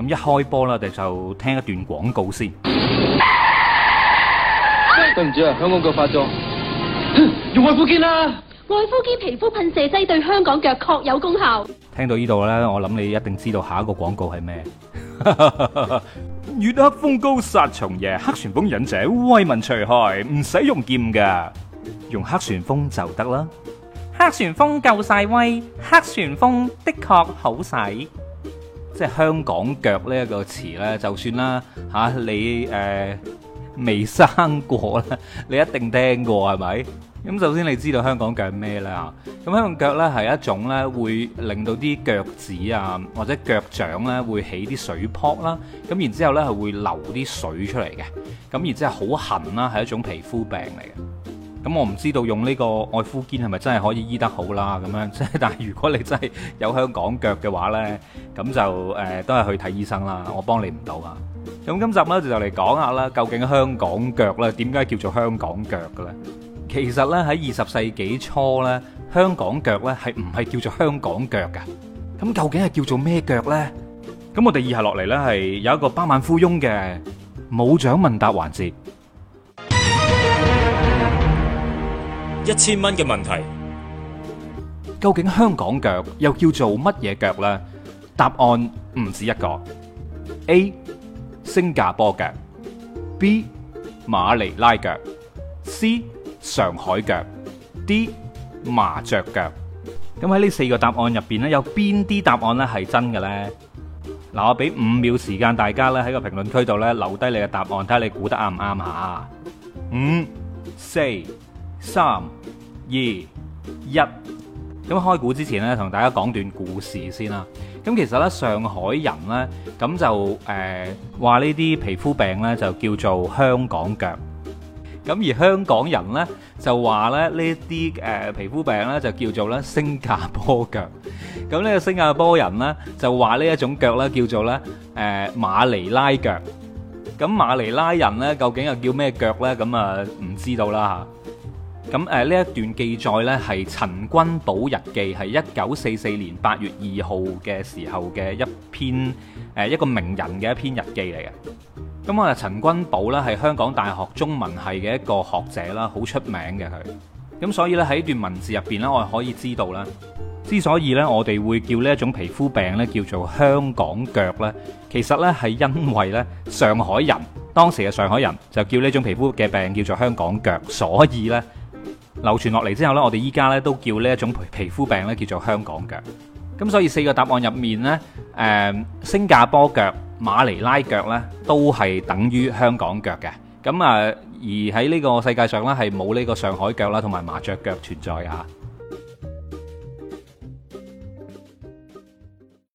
咁一開波啦，我哋就聽一段廣告先。對唔住啊，香港腳發作，用外敷肌啦。外敷肌皮膚噴射劑對香港腳確有功效。聽到呢度咧，我諗你一定知道下一個廣告係咩。月黑風高殺蟲夜，黑旋風忍者為民除害，唔使用劍噶，用黑旋風就得啦。黑旋風夠晒威，黑旋風的確好使。即係香港腳呢一個詞呢，就算啦嚇、啊、你誒未、呃、生過咧， 你一定聽過係咪？咁首先你知道香港腳係咩咧？咁香港腳呢，係一種呢會令到啲腳趾啊或者腳掌呢會起啲水泡啦、啊，咁然之後呢，係會流啲水出嚟嘅，咁然之後好痕啦，係一種皮膚病嚟嘅。咁我唔知道用呢個外敷肩係咪真係可以醫得好啦咁樣，即係但係如果你真係有香港腳嘅話咧，咁就誒都係去睇醫生啦，我幫你唔到噶。咁今集咧就嚟講下啦，究竟香港腳咧點解叫做香港腳嘅咧？其實咧喺二十世紀初咧，香港腳咧係唔係叫做香港腳嘅？咁究竟係叫做咩腳咧？咁我哋以下落嚟咧係有一個百萬富翁嘅冇獎問答環節。一千蚊嘅問題，究竟香港腳又叫做乜嘢腳呢？答案唔止一個：A. 新加坡腳，B. 馬尼拉腳，C. 上海腳，D. 麻雀腳。咁喺呢四個答案入邊咧，有邊啲答案咧係真嘅呢？嗱，我俾五秒時間大家咧喺個評論區度咧留低你嘅答案，睇下你估得啱唔啱吓。五四。三二一，咁開估之前咧，同大家講段故事先啦。咁其實咧，上海人咧咁就誒話呢啲皮膚病咧就叫做香港腳。咁而香港人咧就話咧呢啲誒皮膚病咧就叫做咧新加坡腳。咁呢個新加坡人咧就話呢一種腳咧叫做咧誒馬尼拉腳。咁馬尼拉人咧究竟又叫咩腳咧？咁啊唔知道啦吓。咁誒呢一段記載咧，係陳君寶日記，係一九四四年八月二號嘅時候嘅一篇誒一個名人嘅一篇日記嚟嘅。咁啊，陳君寶咧係香港大學中文系嘅一個學者啦，好出名嘅佢。咁所以咧喺呢段文字入邊咧，我係可以知道啦。之所以咧我哋會叫呢一種皮膚病咧叫做香港腳咧，其實咧係因為咧上海人當時嘅上海人就叫呢種皮膚嘅病叫做香港腳，所以咧。流傳落嚟之後呢，我哋依家呢都叫呢一種皮皮膚病呢叫做香港腳。咁所以四個答案入面呢，誒、嗯、新加坡腳、馬尼拉腳呢都係等於香港腳嘅。咁啊，而喺呢個世界上呢，係冇呢個上海腳啦同埋麻雀腳存在㗎。